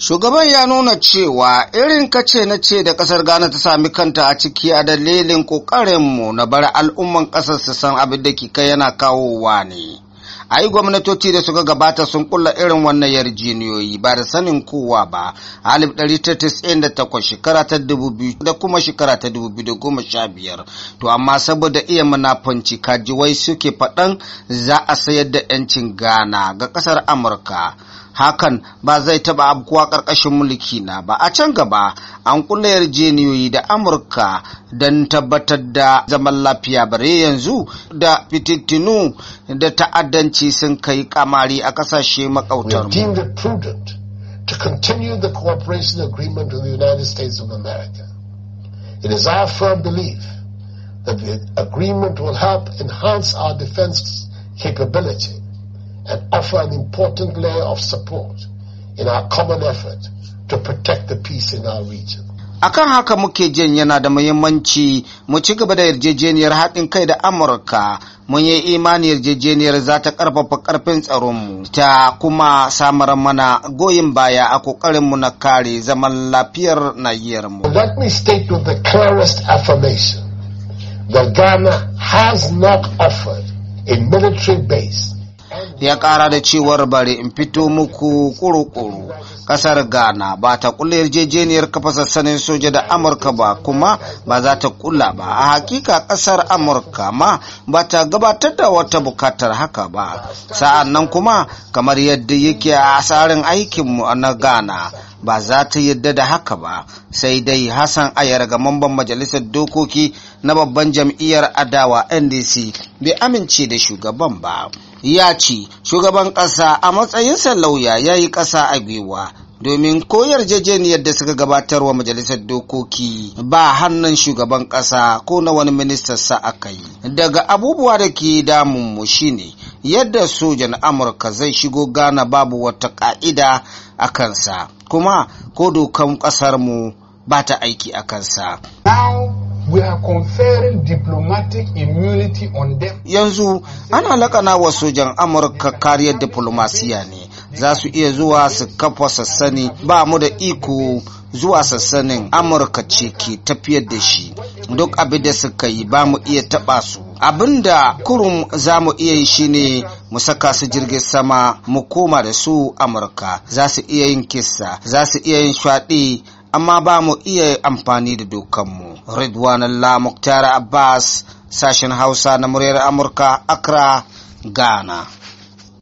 shugaban ya nuna cewa irin kace na ce da ƙasar ghana ta sami kanta a ciki a dalilin ƙoƙarinmu na bar al'umman ƙasar su san abin da ke kika yana kawowa ne ai gwamnatoci da suka gabata sun kulla irin wannan yarjiniyoyi ba da sanin kowa ba alif 1998 shekara ta 2000 da kuma shekara ta 2015 to amma saboda iya munafanci kajiwai suke faɗan za a sayar da 'yancin Gana ga ƙasar amurka hakan ba zai taɓa abkuwa ƙarƙashin mulki na ba a can gaba an kula yarjeniyoyi da amurka don tabbatar da zaman lafiya bare yanzu da fitittunu da ta'addanci adalci sun kai kamari a kasashe to continue the cooperation agreement with the United States of America. It is our firm belief that the agreement will help enhance our defense capability and offer an important layer of support in our common effort to protect the peace in our region. akan haka muke jin yana da muhimmanci mu ci gaba da yarjejeniyar haɗin kai da amurka mun yi imani yarjejeniyar za ta ƙarfafa ƙarfin tsaronmu ta kuma samar mana goyin baya a ƙoƙarinmu na kare zaman lafiyar nahiyarmu let state the clearest ghana has not offered a military base ya kara da cewar bari in fito muku kuru Ƙasar kasar ghana ba ta kula yarjejeniyar kafa sassanin soja da amurka ba kuma ba za ta kula ba a hakika kasar amurka ma ba ta gabatar da wata bukatar haka ba sa'an nan kuma kamar yadda yake a tsarin aikinmu na ghana ba za ta yadda da haka ba sai dai hassan ayar ga mamban majalisar dokoki na babban jam'iyyar adawa ndc bai amince da shugaban ba ya ce shugaban ƙasa a matsayinsa lauya ya yi ƙasa a gwiwa domin ko yarjejeniyar da suka gabatar wa majalisar dokoki ba hannun shugaban ƙasa ko na wani sa aka yi daga abubuwa da ke damun mu shine yadda sojan amurka zai shigo ghana babu wata ka'ida a kansa kuma ko dokan ƙasarmu ba ta aiki a kansa are Yanzu ana lakana wa sojan Amurka kariyar diplomasiya ne. Za su iya zuwa su kafa sassani ba mu da iko zuwa sassanin Amurka ce ke tafiyar da shi. Duk abin da suka yi ba mu iya taɓa su. Abin da kurum za mu iya yi shi ne mu saka su jirgin sama mu koma da su Amurka. Za su iya yin kisa za su iya yin shaɗi, amma ba mu iya amfani da dokanmu. Ridwanullah Muktar Abbas sashen Hausa na muryar Amurka Accra Ghana